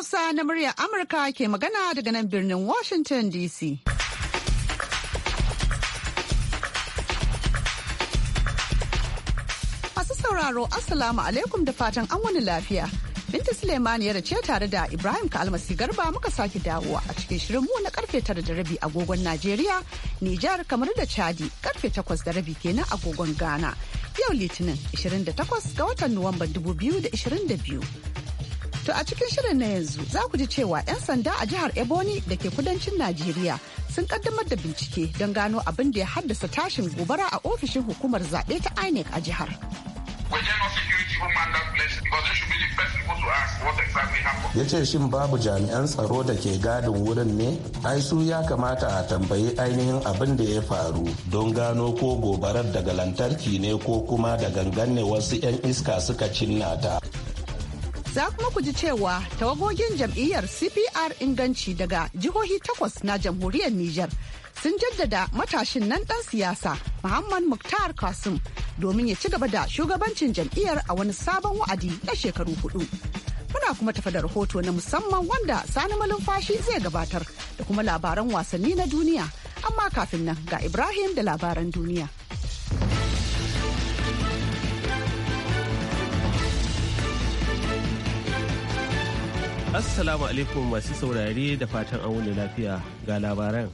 Hausa na muryar Amurka ke magana daga nan birnin Washington DC. Masu sauraro Assalamu alaikum da fatan an wani lafiya. Binta Suleiman ya race tare da Ibrahim Kalmasi Garba muka sake dawowa a cikin shirin mu na karfe tara da rabi agogon Najeriya, Nijar kamar da Chadi karfe takwas da rabi kenan agogon Ghana. Yau Litinin 28 ga watan Nuwamban 2022. To a cikin shirin na yanzu za ku ji cewa 'yan sanda a jihar Ebonyi da ke kudancin Najeriya sun kaddamar da bincike don gano abin da ya haddasa tashin gobara a ofishin hukumar zaɓe ta INEC a jihar. ya ce shin babu jami'an tsaro da ke gadin wurin ne ai su ya kamata a tambayi ainihin abin da ya faru don gano ko gobarar daga lantarki ne ko kuma da gangan ne wasu 'yan iska suka cinna ta Za kuma ku ji cewa tawagogin jam'iyyar CPR inganci daga jihohi takwas na jamhuriyar Niger sun jaddada matashin nan dan siyasa Muhammad Muktar Kasim domin ya ci gaba da shugabancin jam'iyyar a wani sabon wa'adi na shekaru hudu. Muna kuma tafa da rahoto na musamman wanda Sani Malumfashi zai gabatar da kuma labaran wasanni na duniya. Amma kafin nan ga Ibrahim da labaran duniya. Assalamu alaikum masu saurari da fatan an wuni lafiya ga labaran.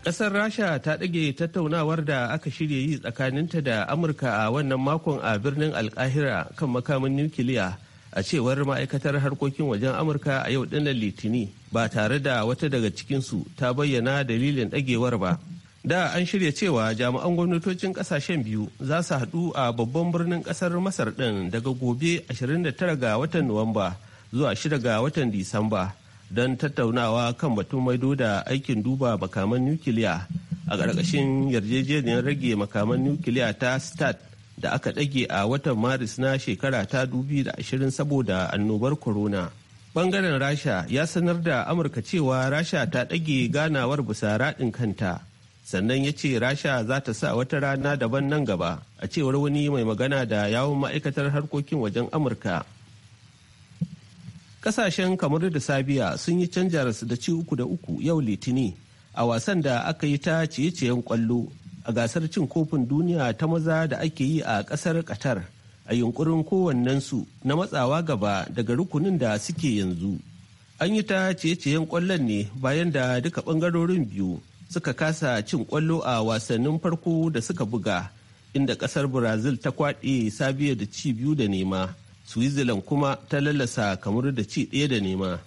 Ƙasar Rasha ta ɗage tattaunawar da aka shirya yi tsakaninta da Amurka a wannan makon a birnin Alkahira kan makamin nukiliya a cewar ma'aikatar harkokin wajen Amurka a yau ɗinnan Litini ba tare da wata daga cikinsu ta bayyana dalilin ɗagewar ba. Da an shirya cewa jami'an gwamnatocin ƙasashen biyu za su haɗu a babban birnin ƙasar Masar ɗin daga gobe 29 ga watan Nuwamba. zuwa shida ga watan Disamba don tattaunawa kan batun maido da aikin duba makaman nukiliya a ƙarƙashin yarjejeniyar rage makaman nukiliya ta START da aka ɗage a watan Maris na shekara ta dubi da ashirin saboda annobar corona. Bangaren Rasha ya sanar da Amurka cewa Rasha ta ɗage ganawar bisa raɗin kanta. sannan ya ce rasha za ta sa wata rana daban nan gaba a cewar wani mai magana da yawon ma'aikatar harkokin wajen amurka Kasashen kamar da Sabiya sun yi canja da ci uku da uku yau Litini a wasan da aka yi ta ciye-ciyen kwallo a gasar cin kofin duniya ta maza da ake yi a kasar Qatar a yunkurin kowannensu na matsawa gaba daga rukunin da suke yanzu. An yi ta ciye-ciyen kwallon ne bayan da duka bangarorin biyu suka kasa cin kwallo a wasannin farko da suka buga inda kasar Brazil ta kwaɗe Sabiya da ci biyu da nema. switzerland kuma ta lallasa kamar da ci ɗaya da nema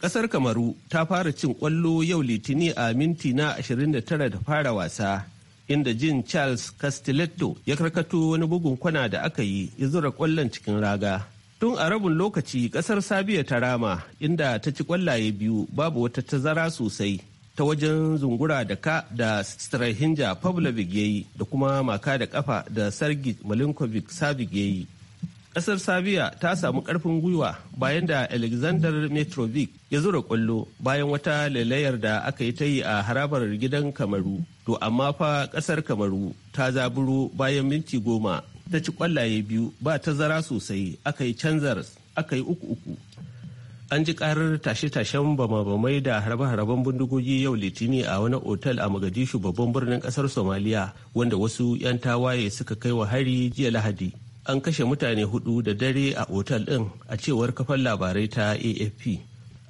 ƙasar kamaru ta fara cin ƙwallo yau litini a minti na 29 da fara wasa inda jin charles castelletto ya karkato wani bugun kwana da aka yi ya zura kwallon cikin raga tun a rabin lokaci ƙasar sabiya ta rama inda ta ci kwallaye biyu babu wata tazara sosai ta wajen zungura da ka da strahinja pavlovic yi da kuma maka da kafa da sergi malinkovic savic yi. kasar Sabiya ta samu karfin gwiwa bayan da Alexander Metrovic ya zura kwallo bayan wata lalayar da aka yi ta yi a harabar gidan Kamaru. To amma fa kasar Kamaru ta zaburo bayan minti goma ta ci ƙwallaye biyu ba zara sosai aka yi canzar aka yi uku uku. An ji karar tashe-tashen bama-bamai da harbe-harben bindigogi yau litini a wani otal a magadishu babban birnin kasar Somaliya wanda wasu 'yan tawaye suka kai wa hari jiya Lahadi. an kashe mutane hudu da dare a otal ɗin a cewar kafar labarai ta afp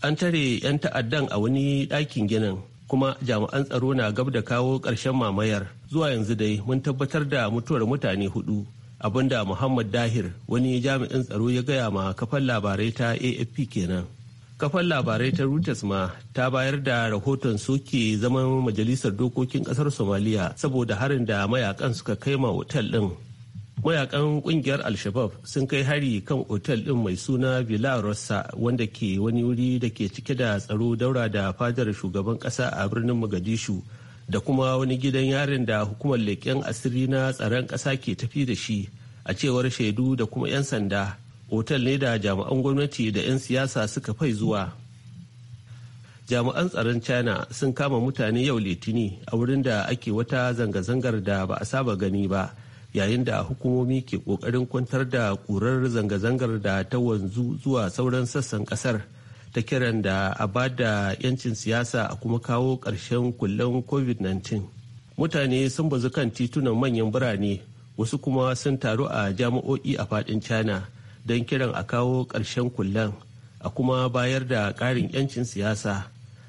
an tare 'yan ta'addan a wani ɗakin ginin kuma jami'an tsaro na gab da kawo ƙarshen mamayar zuwa yanzu dai mun tabbatar da mutuwar mutane hudu abinda muhammad dahir wani jami'in tsaro ya gaya ma kafar labarai ta afp kenan kafar labarai ta reuters ma ta bayar da rahoton soke zaman majalisar dokokin ƙasar somaliya saboda harin da mayakan suka kai ma otal ɗin mayakan kungiyar al-shabab sun kai hari kan otel din mai suna villa rossa wanda ke wani wuri da ke cike da tsaro daura da fadar shugaban kasa a birnin mogadishu da kuma wani gidan yarin da hukumar leƙen asiri na tsaron kasa ke tafi da shi a cewar shaidu da kuma 'yan sanda otel ne da jami'an gwamnati da 'yan siyasa suka fai zuwa jami'an tsaron china sun kama mutane yau litini a wurin da ake wata zanga-zangar da ba a saba gani ba yayin da hukumomi ke kokarin kwantar da kurar zanga-zangar da ta wanzu zuwa sauran sassan kasar ta kiran da a ba da 'yancin siyasa a kuma kawo ƙarshen kullen covid-19 mutane sun bazu kan titunan manyan birane wasu kuma sun taru a jami'o'i a fadin china don kiran a kawo ƙarshen kullum a kuma bayar da ƙarin 'yancin siyasa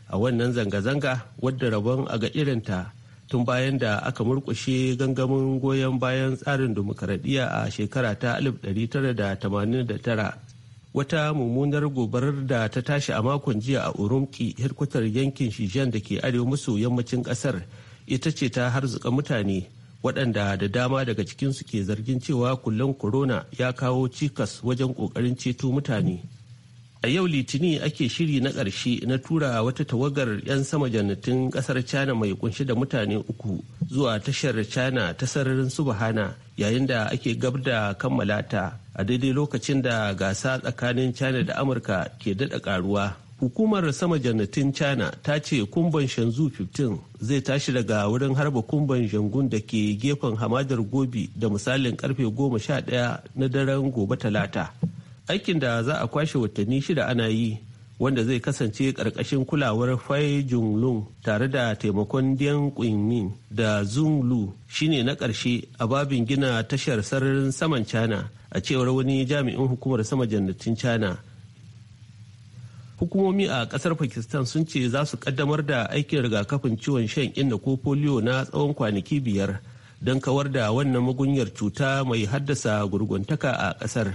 a wannan zanga-zanga wadda rabon a ga irinta tun bayan da aka murkushe gangamin goyon bayan tsarin demokaradiyya a shekara ta 1989 wata mummunar gobarar da ta tashi a makon jiya a urumki hirkutar yankin shijan da ke arewa maso yammacin kasar ita ce ta harzuka mutane waɗanda da dama daga cikinsu ke zargin cewa kullum corona ya kawo cikas wajen ƙoƙarin ceto mutane. a yau litinin ake shiri na ƙarshe na tura wata tawagar 'yan sama jannatin ƙasar china mai kunshi da mutane uku zuwa tashar china ta sararin subhana yayin da ake gab da kammala ta a daidai lokacin da gasa tsakanin china da amurka ke daɗa ƙaruwa hukumar sama jannatin china ta ce kumban shanzu 15 zai tashi daga wurin harba kumban jangun da ke gefen hamadar gobi da misalin karfe 11 na daren gobe talata aikin da za a kwashe watanni shida ana yi wanda zai kasance ƙarƙashin kulawar fai tare da taimakon dian kunmin da zunglu shine na ƙarshe a babin gina tashar sararin saman china a cewar wani jami'in hukumar sama jannatin china hukumomi a kasar pakistan sun ce za su kaddamar da aikin rigakafin ciwon shan inna ko polio na tsawon kwanaki biyar don kawar da wannan magunyar cuta mai haddasa gurguntaka a kasar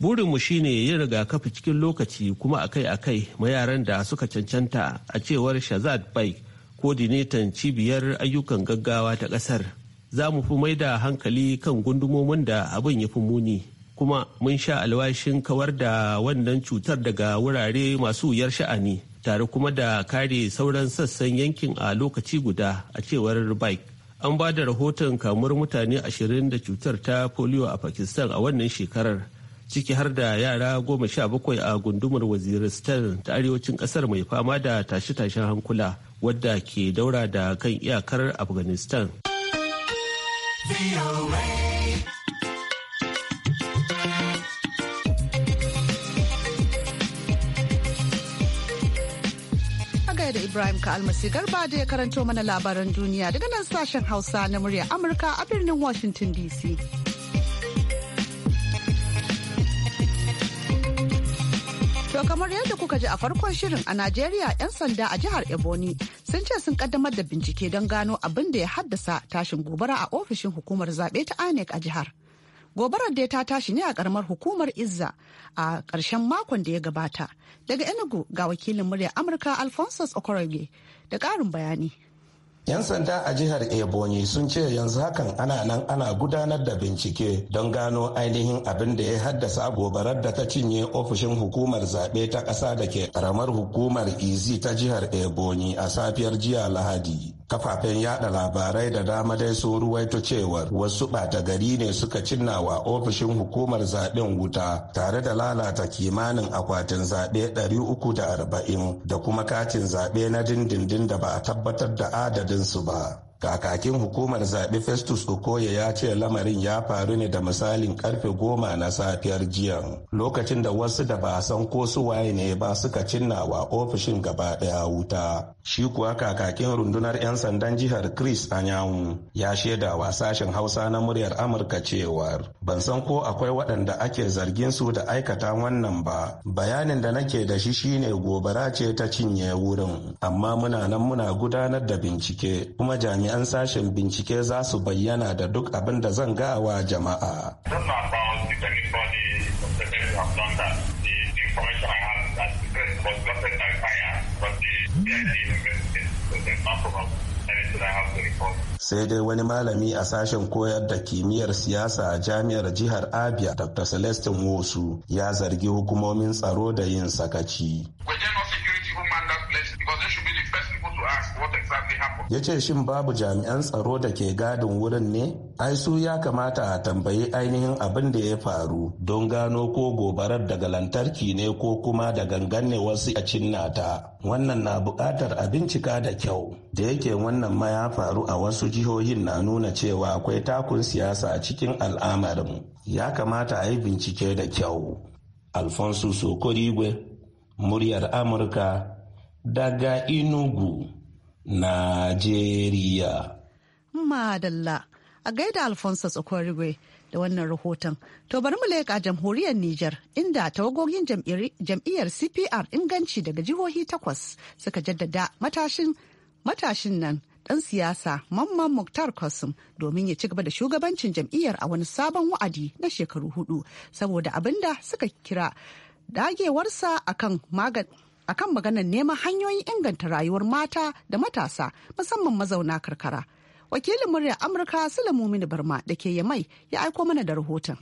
burinmu shine yin rigakafi cikin lokaci kuma akai-akai ma yaran da suka cancanta a cewar shazad bai kodinetan cibiyar ayyukan gaggawa ta kasar za mu fi mai da hankali kan gundumomin da abin ya fi muni kuma mun sha alwashin kawar da wannan cutar daga wurare masu wuyar sha'ani tare kuma da kare sauran sassan yankin a lokaci guda a cewar bike an ba da rahoton kamar mutane ashirin da cutar ta polio a pakistan a wannan shekarar ciki har da yara goma sha bakwai a gundumar waziristan ta arewacin kasar mai fama da tashe-tashen hankula wadda ke daura da kan iyakar afghanistan da Ibrahim ka almasi Garba da ya karanto mana labaran duniya daga nan sashen Hausa na murya Amurka a birnin Washington DC. To kamar yadda kuka ji a farkon shirin a Najeriya 'yan sanda a jihar Ebonyi sun ce sun kaddamar da bincike don gano abin da ya haddasa tashin gobara a ofishin hukumar zaɓe ta INEC a jihar. Gobarar da ta tashi ne a karamar hukumar Izza a ƙarshen makon da ya gabata. Daga Enugu ga wakilin murya Amurka Alphonsus Okoroge da ƙarin bayani. 'Yan sanda a jihar Ebonyi sun ce yanzu hakan ana nan ana gudanar da bincike don gano ainihin abin da ya haddasa gobarar da ta cinye ofishin hukumar zaɓe ta ƙasa da ke ƙaramar hukumar Izi ta jihar Ebonyi a safiyar jiya Lahadi. kafafen yada labarai da dama dai sun ruwaito cewar wasu bata gari ne suka cinnawa ofishin hukumar zaben wuta tare da lalata kimanin akwatin zaɓe 340 da kuma katin zaɓe na dindindin da ba a tabbatar da adadinsu ba kakakin hukumar zaɓe festus okoye ya ce lamarin ya faru ne da misalin karfe goma na safiyar jiya lokacin da wasu da ba san ko su waye ne ba suka cinnawa ofishin gaba ɗaya wuta shi kuwa kakakin rundunar 'yan sandan jihar chris anyanwu ya wa sashen hausa na muryar amurka cewar ban san ko akwai waɗanda ake zargin su da aikata wannan ba bayanin da nake da shi shine gobara ce ta cinye wurin amma muna nan muna gudanar da bincike kuma jami'an 'yan sashen bincike za su bayyana da duk abin da zan ga wa jama'a. sai dai wani malami a sashen koyar da kimiyyar siyasa a jami'ar jihar abia dr celestin wosu ya zargi hukumomin tsaro da yin sakaci. Ya ce shin babu jami'an tsaro da ke gadin wurin ne? Ai su ya kamata a tambayi ainihin abin da ya faru don gano ko gobarar daga lantarki ne ko kuma da gangan ne wasu a cinnata. Wannan na buƙatar a bincika da kyau. Da yake wannan ma ya faru a wasu jihohin na nuna cewa akwai takun siyasa a cikin al'amarin. Ya kamata a yi bincike da kyau. Alfonso Sokorigwe, muryar Amurka, daga Inugu, Najeriya. Madalla, a gaida Alfonso Tsokorigwe da wannan rahoton. To bari mu leƙa jamhuriyar Nijar inda tawagogin jam'iyyar CPR inganci daga jihohi takwas suka jaddada matashin matashin nan ɗan siyasa Mamman Muktar Kasum domin ya ci gaba da shugabancin jam'iyyar a wani sabon wa'adi na shekaru hudu saboda abinda suka kira dagewarsa akan akan maganar neman hanyoyin inganta rayuwar mata da matasa musamman mazauna karkara. Wakilin muryar Amurka Sulamu Mini Barma da ke Yamai ya aiko mana da rahoton.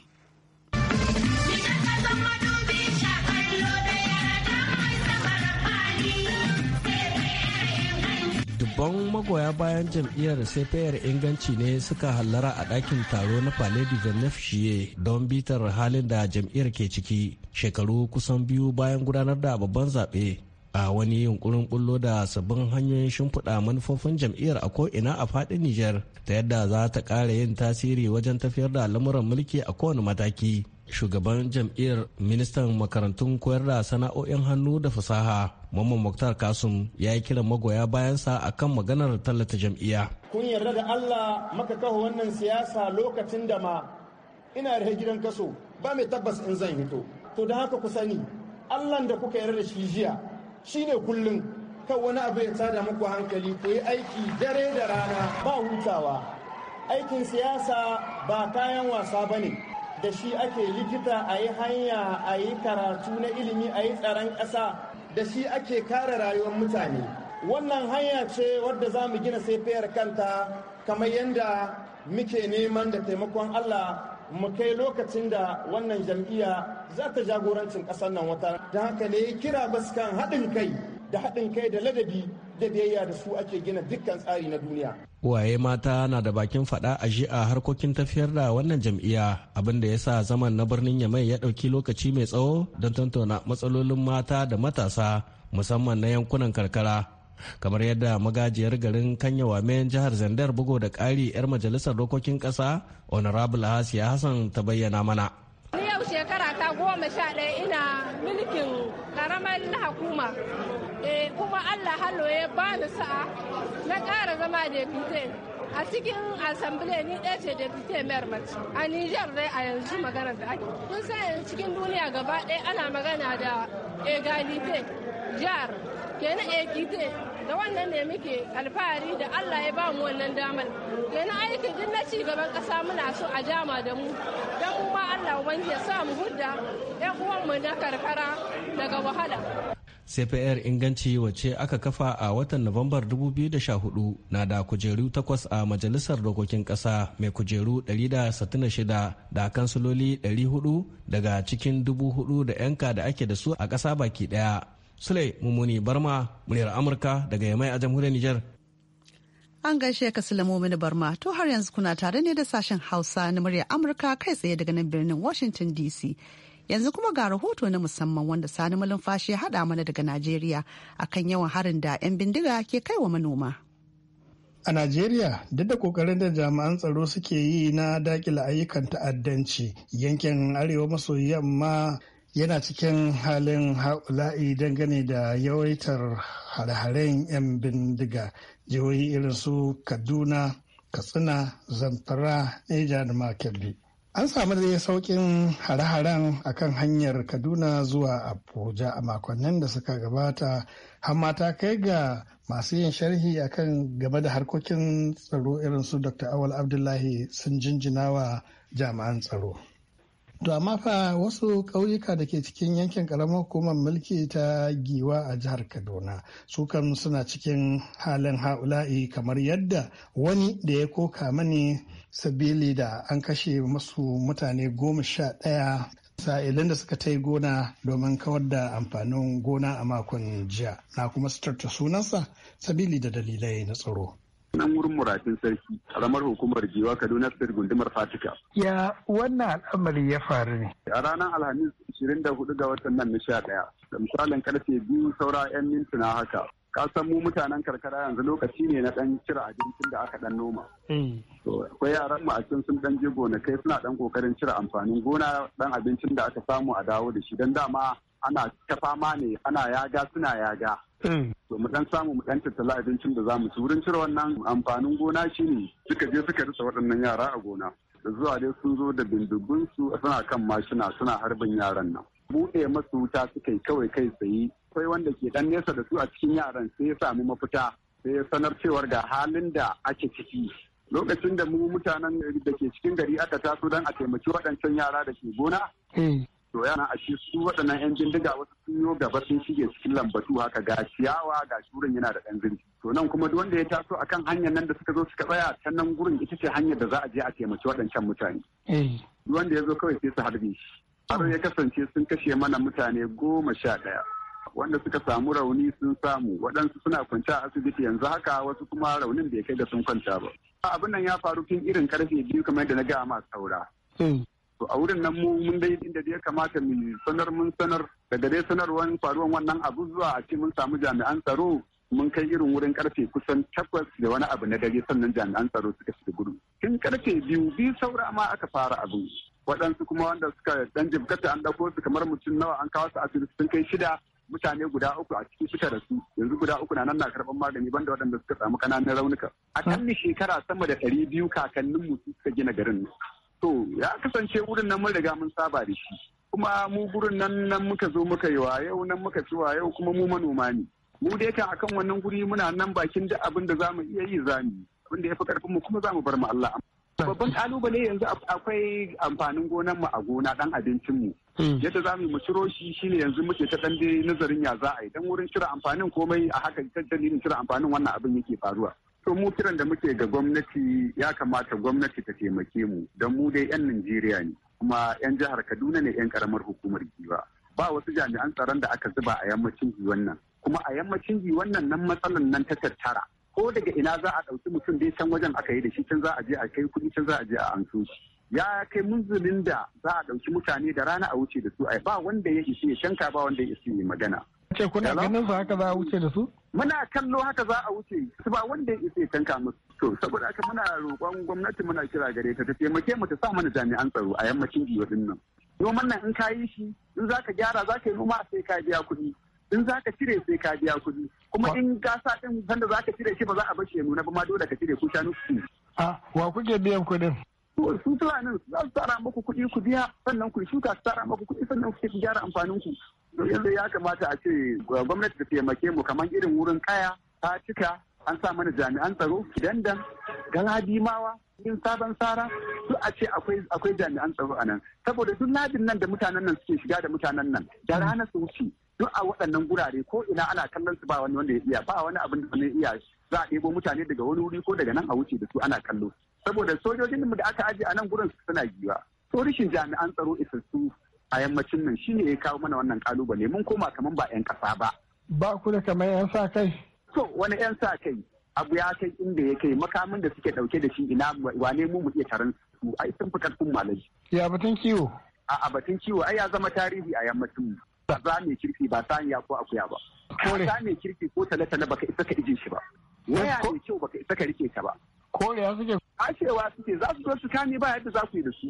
babban magoya bayan jam'iyyar fayar inganci ne suka hallara a ɗakin taro na palais de shiye don bitar halin da jam'iyyar ke ciki shekaru kusan biyu bayan gudanar da babban zaɓe a wani yunkurin bullo da sabbin hanyoyin shimfiɗa manufofin jam'iyyar a ko'ina a faɗin nijar ta yadda za ta ƙara yin tasiri wajen tafiyar da lamuran mulki a kowane mataki shugaban jam'iyyar ministan makarantun koyar da sana'o'in hannu da fasaha Mamman Muktar Kasum ya yi kiran magoya bayansa a kan maganar tallata jam'iyya. Kun yarda da Allah maka kawo wannan siyasa lokacin da ma ina da gidan kaso ba mai tabbas in zan hito. To da haka ku sani Allah da kuka yarda shi jiya shi ne kullum kan wani abu ya tada muku hankali ku yi aiki dare da rana ba hutawa. Aikin siyasa ba kayan wasa ba ne. da shi ake likita a yi hanya a yi karatu na ilimi a yi tsaron ƙasa da shi ake kare rayuwar mutane wannan hanya ce wadda za mu gina saifiyar kanta kamar yadda muke neman da taimakon allah mu kai lokacin da wannan jam'iyya za ta jagorancin ƙasar nan wata da haka ne kira baskan haɗin kai da haɗin kai da ladabi da biyayya da su ake gina dukkan tsari na duniya waye mata na da bakin fada a ji a harkokin tafiyar da wannan jam'iyya abin da ya sa zaman na birnin yamai ya ɗauki lokaci mai tsawo don tantona matsalolin mata da matasa musamman na yankunan karkara kamar yadda magajiyar garin kanyawamen jihar zandar bugo da ƙari 'yar majalisar dokokin ƙasa honorable hasiya hassan ta bayyana mana yau goma sha ɗaya ina mulkin ƙaramar hukuma eh, kuma allah halo ya bani sa'a na ƙara zama da a cikin asambile ni ɗaya ce da fite mace a Nijar dai a yanzu magana da ake kun sa cikin duniya gaba ɗaya ana magana da egalite jar kenan ekite da wannan ne muke alfahari da Allah ya ba mu wannan damar kenan aikin jinnaci na ci gaban ƙasa muna so a jama da mu dan mu ma Allah ubangiji ya sa mu hudda 'yan uwanmu na karkara daga wahala. CPR inganci wacce aka kafa a watan Nuwambar 2014 na da kujeru takwas a Majalisar Dokokin Ƙasa mai kujeru 166 da kansuloli 400 daga cikin 4,000 da 'yanka da ake da su a ƙasa baki ɗaya. Sule Mumuni Barma, muryar Amurka daga Yamai a jamhuriyar Nijar. An gaishe ka Sule Barma, to har yanzu kuna tare ne da sashen Hausa na muryar Amurka kai tsaye daga nan birnin Washington DC. Yanzu kuma ga rahoto na musamman wanda Sani Malumfashi ya haɗa mana daga Najeriya akan yawan harin da 'yan bindiga ke kai wa manoma. A Najeriya, duk da kokarin da jami'an tsaro suke yi na dakila ayyukan ta'addanci, yankin arewa maso yamma yana cikin halin haula'i dangane da yawaitar hare-haren 'yan bindiga jihohi irin su Kaduna, Katsina, Zamfara, Neja da Makerbi. An samu da saukin hare-haren a kan hanyar Kaduna zuwa Abuja a makonnin da suka gabata, hamma ta kai ga masu yin sharhi a kan game da harkokin tsaro irin su Dr. Awal Abdullahi sun jinjina wa jami'an tsaro. To amma fa wasu ƙauyuka da ke cikin yankin ƙaramar hukumar mulki ta giwa a jihar Kaduna su kan suna cikin halin ha'ula'i kamar yadda wani da ya koka mani sabili da an kashe masu mutane goma sha ɗaya sa'ilin da suka tai gona domin kawar da amfanin gona a makon jiya na kuma sitarta sunansa sabili da dalilai na tsaro. nan wurin muratun sarki karamar hukumar jiwa kaduna state gundumar fatika ya wannan al'amari ya faru ne a ranar alhamis 24 ga watan nan na 11 da misalin karfe biyu saura 'yan mintuna haka ka san mu mutanen karkara yanzu lokaci ne na dan cire abincin da aka dan noma mm. to akwai yaran mu a cikin sun dan je gonakai suna dan kokarin cire amfanin gona dan abincin da aka samu a dawo da shi dan dama ana ta fama ne ana yaga suna yaga mm. to mu dan samu mu dan tattala abincin da zamu ci wurin cire wannan amfanin gona shine suka je suka rasa waɗannan yara a gona da zuwa dai sun zo da bindigunsu suna kan mashina suna harbin yaran nan buɗe masu wuta suka yi kawai kai tsaye akwai wanda ke dan nesa da su a cikin yaran sai ya samu mafita sai ya sanar cewar ga halin da ake ciki lokacin da mu mutanen da ke cikin gari aka taso don a taimaki waɗancan yara da ke gona eh. to yana a su waɗannan 'yan bindiga wasu sun yo gaba sun shige cikin lambatu haka ga ciyawa ga shurin yana da ɗan zirgi to nan kuma duk wanda ya taso akan hanyar nan da suka zo suka tsaya can nan gurin ita ce hanyar da za a je a taimaki waɗancan mutane eh. duk wanda ya zo kawai sai su harbe shi har ya kasance sun kashe mana mutane goma sha ɗaya wanda suka samu rauni sun samu waɗansu suna kwance a asibiti yanzu haka wasu kuma raunin bai kai da sun kwanta ba abin nan ya faru tun irin karfe biyu kamar yadda na ga ma saura hmm. to a wurin nan mu mun dai inda ya kamata mu sanar mun sanar daga dai sanarwar faruwar wannan abu zuwa a ce mun samu jami'an tsaro mun kai irin wurin karfe kusan takwas da wani abu na dare sannan jami'an tsaro suka shiga gudu tun karfe biyu biyu saura ma aka fara abu. waɗansu kuma wanda suka dan jibgata an ɗauko su kamar mutum nawa an kawo su asibiti sun kai shida mutane guda uku a cikin suka rasu yanzu guda uku na nan na karɓar magani banda waɗanda suka samu ƙananan raunuka A akalli shekara sama da ɗari biyu kakanninmu suka gina garin to ya kasance wurin nan mun riga mun saba da shi kuma mu gurin nan nan muka zo muka yi yau nan muka ci yau kuma mu manoma ne mu dai kan akan wannan guri muna nan bakin da abin da za mu iya yi yi abin da ya fi ƙarfinmu kuma za mu bar mu Allah babban kalubale yanzu akwai amfanin gonan mu a gona dan abincin mu hmm. yadda za mu ciro shi shine yanzu muke ta dan nazarin ya za a yi dan wurin cire amfanin komai a haka dalilin cire amfanin wannan abin yake faruwa to mu kiran da muke ga gwamnati ya kamata gwamnati ta taimake mu dan mu dai yan Najeriya ne kuma yan jihar Kaduna ne yan karamar hukumar Giwa ba wasu jami'an tsaron da aka zuba a yammacin Giwan nan kuma a yammacin Giwan nan nan matsalan nan ta tattara ko daga ina za a ɗauki mutum dai can wajen aka yi da shi can za a je a kai kuɗi can za a je a shi ya kai munzulin da za a ɗauki mutane da rana a wuce da su ai ba wanda ya ishe ya shanka ba wanda ya ishe ya magana. ce kuna ganin su haka za a wuce da su? muna kallo haka za a wuce su ba wanda ya ishe ya shanka musu. to saboda haka muna roƙon gwamnati muna kira gare ta ta taimake mu ta sa mana jami'an tsaro a yammacin din nan. noman nan in ka yi shi in za ka gyara za ka yi noma sai ka biya kuɗi in za ka cire sai ka biya kuɗi kuma in ka sa ɗin sanda za ka cire shi ba za a bashi ya nuna ba ma dole ka cire ko shanu su a ah, wa kuke biyan kuɗin su fulanin za su tara maku kuɗi ku biya sannan ku shuka su tara maku kuɗi sannan ku gyara amfanin ku yanzu ya kamata a ce gwamnati ta taimake mu kamar irin wurin kaya ta cika an sa mana jami'an tsaro dandan galadi mawa yin sabon sara su a ce akwai jami'an tsaro a nan saboda duk ladin nan da mutanen nan suke shiga da mutanen nan da rana su wuce duk a waɗannan gurare ko ina ana kallon su ba wani wanda ya iya ba wani abin da ne iya za a ɗebo mutane daga wani wuri ko daga nan a wuce da su ana kallo saboda sojojin mu da aka aje a nan gurin suna giwa to rishin jami'an tsaro isassu a yammacin nan shine ya kawo mana wannan kalubale mun koma kaman ba 'yan kasa ba ba ku da kamar 'yan sa kai to wani 'yan sa kai abu ya kai inda ya kai makamin da suke dauke da shi ina wane mu mu iya taron su a sun fi kun malaji ya batun kiwo a batun kiwo ai ya zama tarihi a yammacin mu ba za mai kirki ba saniya ko akuya ba kore za mai kirki ko tale baka isa ka ije shi ba waya mai kyau baka isa ka rike ta ba kore ya suke kashewa suke za su zo su kame ba yadda za ku yi da su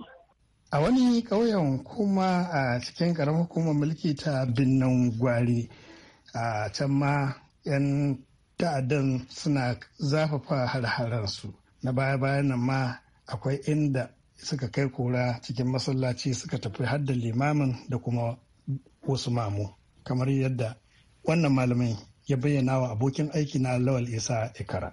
a wani ƙauyen kuma a cikin ƙaramar hukumar mulki ta binnan gwari a can ma 'yan ta'addan suna zafafa har-haransu na baya-bayan nan ma akwai inda suka kai kura cikin masallaci suka tafi har da limamin da kuma wasu mamu kamar yadda wannan malamin ya bayyana wa abokin aiki na lawal isa ikara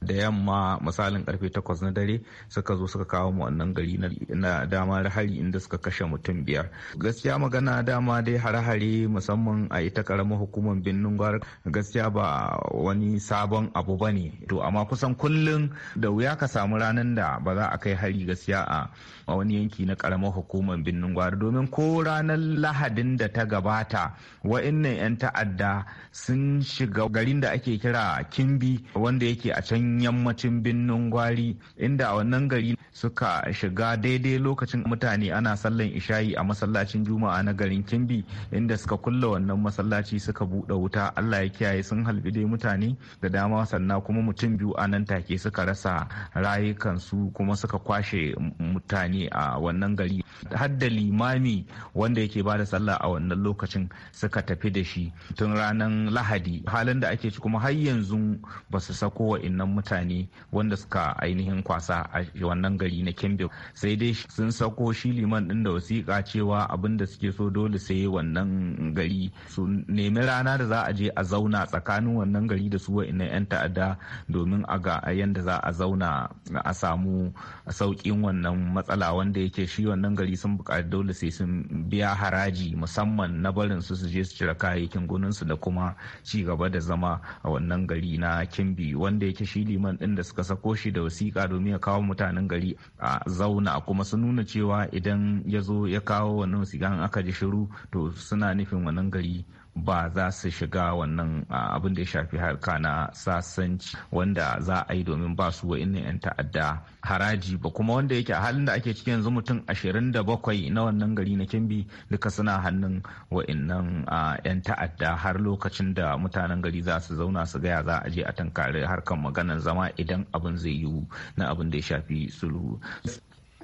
da yamma misalin karfe takwas na dare suka zo suka kawo mu wannan gari na dama hari inda suka kashe mutum biyar gaskiya magana dama dai hare-hare musamman a ita karamar hukumar birnin gwar gaskiya ba wani sabon abu ba ne to amma kusan kullum da wuya ka samu ranar da ba za a kai hari gaskiya a a wani yanki na karamar hukumar birnin gwari domin ko ranar lahadin da ta gabata wa'annan 'yan ta'adda sun shiga garin da ake kira kimbi wanda yake a can yammacin birnin gwari inda a wannan gari suka shiga daidai lokacin mutane ana sallan ishayi a masallacin juma'a na garin kimbi inda suka kulla wannan masallaci suka buɗe wuta allah ya kiyaye sun halbi dai mutane da dama sannan kuma mutum biyu a nan take suka rasa rayukansu kuma suka kwashe mutane ne a wannan gari har da limami wanda yake bada sallah a wannan lokacin suka tafi da shi tun ranar lahadi halin da ake ci kuma har yanzu ba su sako innan mutane wanda suka ainihin kwasa a wannan gari na kimbe sai dai sun sako shi liman din da wasiƙa cewa abin da suke so dole sai wannan gari su nemi rana da za a je a zauna tsakanin wannan gari da su wa'innan 'yan ta'adda domin a ga yadda za a zauna a samu sauƙin wannan matsala wanda yake shi wannan gari sun buƙaci dole sai sun biya haraji musamman na barin su su je su cire kayayyakin su da kuma ci gaba da zama a wannan gari na kimbi wanda yake shi liman din da suka sako shi da wasiƙa domin ya kawo mutanen gari a zauna kuma sun nuna cewa idan ya zo ya kawo wannan wasiƙan aka ji shiru to suna nufin wannan gari ba za su shiga wannan abin da ya shafi harka na sasanci wanda za a yi domin ba su wa'innan 'yan ta'adda haraji ba kuma wanda yake a halin da ake cikin yanzu mutum 27 na wannan gari na kimbi duka suna hannun wa'innan 'yan ta'adda har lokacin da mutanen gari za su zauna su gaya za a je a tankare harkar maganar zama idan abin zai yiwu na abin da ya shafi sulhu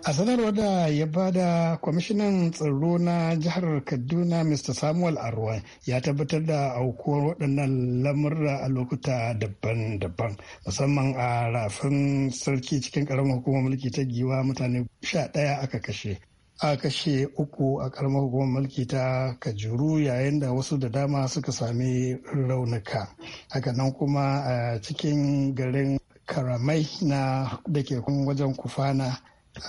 a sanarwar da ya bada kwamishinan tsaro na jihar kaduna mr samuel arwan ya tabbatar da aukuwar waɗannan lamurra a lokuta daban-daban musamman a rafin sarki cikin ƙaramin hukumar mulki ta giwa mutane sha ɗaya aka kashe a kashe uku a karamar hukumar mulki ta kajuru yayin da wasu da dama suka sami raunuka hakanan kuma a cikin garin karamai na da ke wajen kufana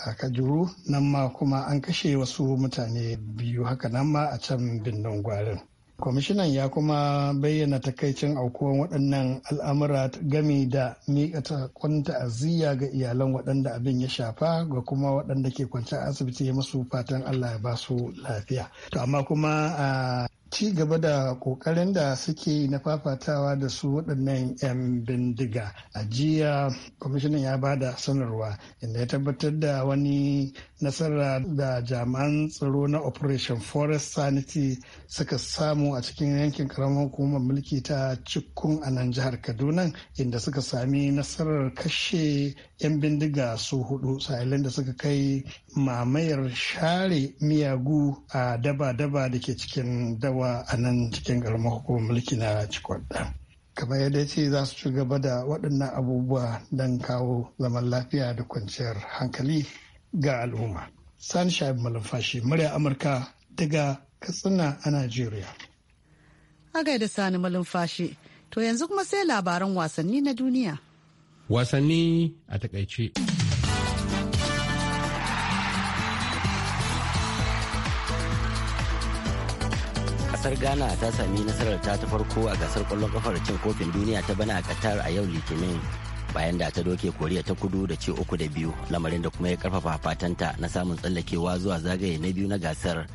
a Kajuru nan ma kuma an kashe wasu mutane biyu haka nan ma a can binnin gwarin. Kwamishinan ya kuma bayyana takaicin aukuwan waɗannan al'amura gami da miƙa kwanta ta'aziyya ga iyalan waɗanda abin ya shafa ga kuma waɗanda ke kwance a asibiti ya masu fatan Allah ya ba su lafiya. To amma kuma a ci gaba da kokarin da suke na fafatawa da su waɗannan 'yan bindiga a jiya kwamishinan ya ba da sanarwa inda ya tabbatar da wani nasara da jami'an tsaro na operation forest sanity suka samu a cikin yankin karamar hukumar mulki ta cikkun a nan jihar kaduna inda suka sami nasarar kashe 'yan bindiga su hudu sa'ilin da suka kai mamayar share miyagu a daba-daba da ke cikin dawa a nan cikin karamar hukumar mulki na da. kamar yadda ce za su ci gaba da waɗannan abubuwa don kawo zaman lafiya da kwanciyar hankali ga al'umma. Sani Malamfashi, murya Amurka daga Katsina a Najeriya. A gaida Sani Malamfashi, to yanzu kuma sai labaran wasanni na duniya. Wasanni a takaice. Kasar Ghana ta sami nasarar ta ta farko a gasar kwallon kafar cin kofin duniya ta bana a Qatar a yau Litinin. bayan da ta doke koriya ta kudu da ci uku da biyu lamarin da kuma ya karfafa fatanta na samun tsallakewa zuwa zagaye na biyu na gasar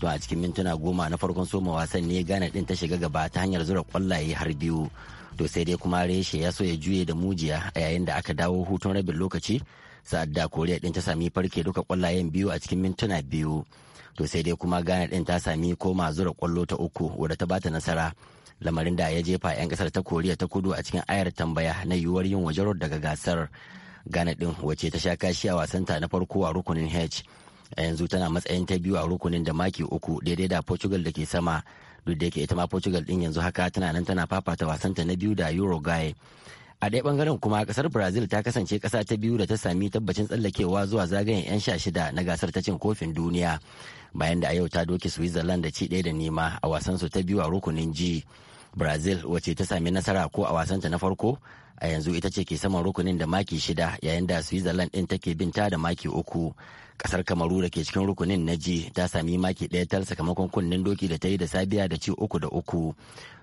to a cikin mintuna goma na farkon soma wasan ne gane din ta shiga gaba ta hanyar zura kwallaye har biyu to sai dai kuma reshe ya so ya juye da mujiya a yayin da aka dawo hutun rabin lokaci sa'ad da koriya din ta sami farke duka kwallayen biyu a cikin mintuna biyu to sai dai kuma gane din ta sami koma zura kwallo ta uku wadda ta bata nasara lamarin da ya jefa 'yan kasar ta koriya ta kudu a cikin ayar tambaya na yiwuwar yin wajen daga gasar ghana din wace ta sha kashi a wasanta na farko a rukunin h a yanzu tana matsayin ta biyu a rukunin da maki uku daidai da portugal da ke sama duk da yake ita ma portugal din yanzu haka tana nan tana fafata wasanta na biyu da uruguay a ɗaya bangaren kuma kasar brazil ta kasance kasa ta biyu da ta sami tabbacin tsallakewa zuwa zagayen 'yan sha shida na gasar ta cin kofin duniya bayan da a yau ta doke switzerland da ci ɗaya da nema a wasan su ta biyu a rukunin ji brazil wacce ta sami nasara ko a wasanta na farko a yanzu ita ce ke saman rukunin da maki shida yayin da switzerland ɗin take bin ta da maki uku kasar kamaru da ke cikin rukunin na ji ta sami maki ɗaya tal sakamakon kunnen doki da ta yi da sabiya da ci uku da uku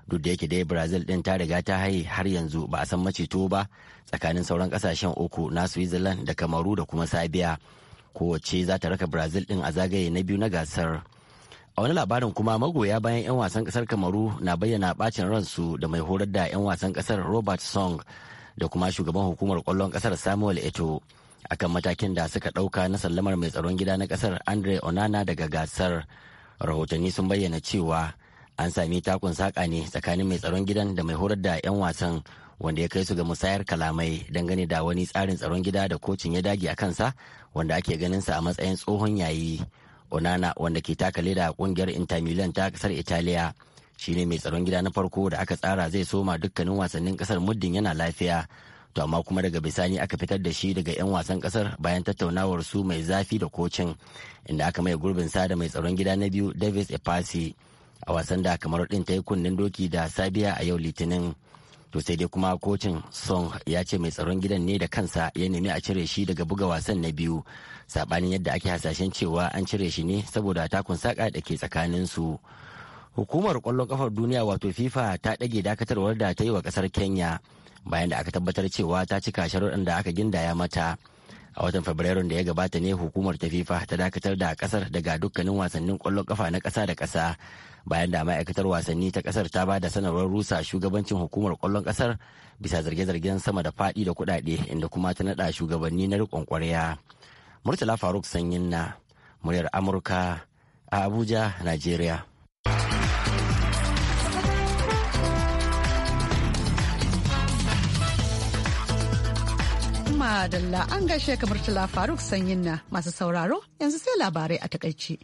duk da yake dai brazil ɗin ta riga ta haye har yanzu ba a san maceto ba tsakanin sauran ƙasashen uku na switzerland da kamaru da kuma sabiya kowace za ta raka brazil din a zagaye na biyu na gasar a wani labarin kuma magoya bayan 'yan wasan kasar kamaru na bayyana bacin ransu da mai horar da 'yan wasan kasar robert song da kuma shugaban hukumar kwallon kasar samuel eto akan matakin da suka dauka na sallamar mai tsaron gida na kasar andre onana daga gasar rahotanni sun bayyana cewa an sami takun saka ne tsakanin mai tsaron gidan da mai horar da 'yan wasan wanda ya kai su ga musayar kalamai dangane da wani tsarin tsaron gida da kocin ya dage a kansa wanda ake ganin sa a matsayin tsohon yayi onana wanda ke taka leda kungiyar inter milan ta kasar italiya shine mai tsaron gida na farko da aka tsara zai soma dukkanin wasannin kasar muddin yana lafiya to amma kuma daga bisani aka fitar da shi daga 'yan wasan kasar bayan tattaunawar su mai zafi da kocin inda aka mai gurbin sa da mai tsaron gida na biyu davis epasi a wasan da kamar din ta yi kunnen doki da sabiya a yau litinin to sai dai kuma kocin song ya ce mai tsaron gidan ne da kansa ya nemi a cire shi daga buga wasan na biyu sabanin yadda ake hasashen cewa an cire shi ne saboda takun saka da ke tsakanin su hukumar kwallon kafar duniya wato fifa ta ɗage dakatarwar da ta yi wa ƙasar kenya bayan da aka tabbatar cewa ta cika sharuɗan da aka gindaya mata a watan fabrairun da ya gabata ne hukumar ta fifa ta dakatar da kasar daga dukkanin wasannin kwallon kafa na kasa da kasa bayan da ma'aikatar wasanni ta kasar ta ba da sanarwar rusa shugabancin hukumar kwallon kasar bisa zarge-zargen sama da fadi da kudade inda kuma ta nada shugabanni na rikon kwarya murtala faruk sanyin na muryar amurka a abuja nigeria Dalla an gaishe kamar tula faruk sanyin na masu sauraro yanzu sai labarai a takaice.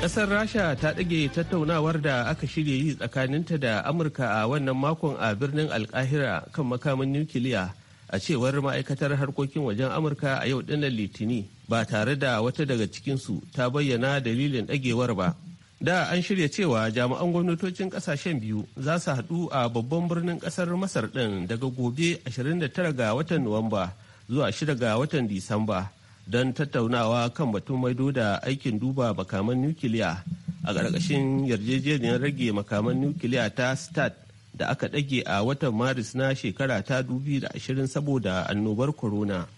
Ƙasar Rasha ta ɗage tattaunawar da aka shirya yi tsakaninta da Amurka a wannan makon a birnin Alkahira kan makamin nukiliya a cewar ma'aikatar harkokin wajen Amurka a yau ɗinnan Litini ba tare da wata daga cikinsu ta bayyana dalilin ɗagewar ba. da an shirya cewa jami'an gwamnatocin kasashen biyu za su haɗu a babban birnin ƙasar masar ɗin daga gobe 29 ga watan nuwamba zuwa 6 ga watan disamba don tattaunawa kan batun maido da aikin duba makaman nukiliya a ƙarƙashin yarjejeniyar rage makaman nukiliya ta stat da aka ɗage a watan maris na shekara ta 2020 saboda annobar corona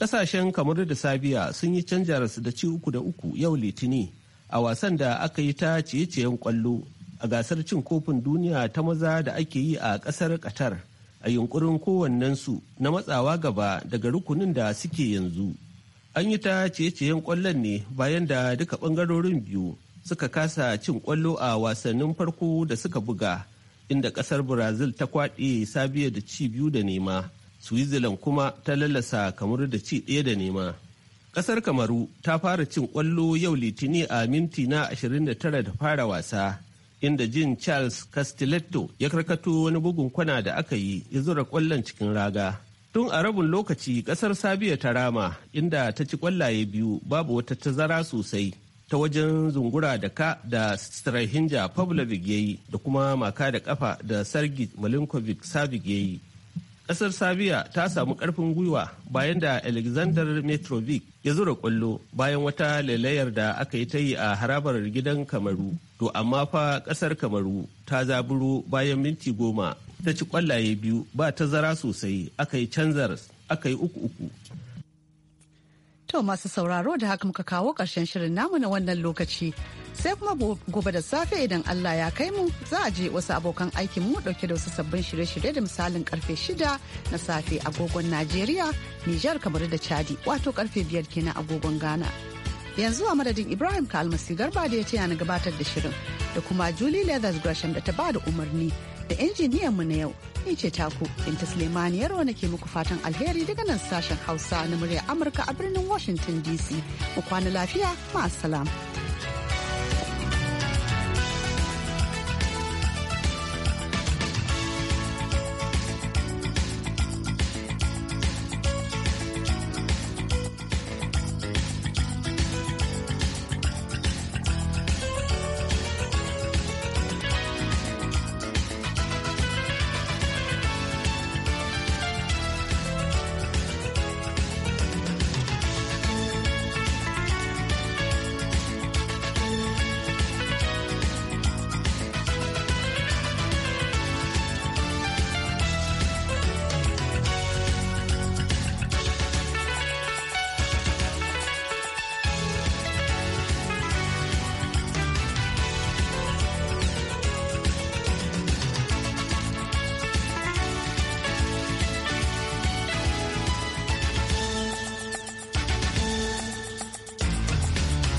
ƙasashen kamar da sabiya sun yi canjarsu da ci uku da uku yau litini. a wasan da aka yi ta ciye-ciyen kwallo a gasar cin kofin duniya ta maza da ake yi a kasar qatar a yunkurin kowannensu na matsawa gaba daga rukunin da suke yanzu an yi ta ciye-ciyen kwallon ne bayan da duka bangarorin biyu suka kasa cin kwallo a wasannin farko da suka buga inda kasar brazil ta kwaɗe sabiya da ci biyu da nema switzerland kuma ta lalasa kamar da ci ɗaya da nema kasar Kamaru ta fara cin kwallo yau Litini a minti na 29 da fara wasa, inda jin Charles Castelletto ya karkato wani bugun kwana da aka yi ya zura kwallon cikin raga. Tun a rabin lokaci kasar Sabiya ta rama inda ta ci kwallaye biyu babu wata tazara sosai ta wajen zungura da ka da Strahinja Pavlovic ya yi da kuma maka da kafa da sargi Malinkovic Savic ya yi. kasar Sabiya ta samu karfin gwiwa bayan da Alexander Metrovic ya zura kwallo bayan wata lalayar da aka yi ta yi a harabar gidan Kamaru. To amma fa kasar Kamaru ta zaburo bayan minti goma ta ci ƙwallaye biyu ba tazara sosai aka yi canzars aka yi uku uku. To masu sauraro da haka muka kawo ƙarshen shirin namu na wannan lokaci. Sai kuma gobe da safe idan Allah ya kai mu za a je wasu abokan aikin mu dauke da wasu sabbin shirye-shirye da misalin karfe shida na safe agogon Najeriya, Nijar kamar da Chadi wato karfe biyar kenan agogon Ghana. Yanzu a madadin Ibrahim Kalmasi Garba da ya ce yana gabatar da shirin da kuma Julie Leathers Gresham da ta ba da umarni da injiniyan mu na yau Ni ce taku Binta Suleiman Yaro ke muku fatan alheri daga nan sashen Hausa na muryar Amurka a birnin Washington DC. Mu kwana lafiya, ma'asalam.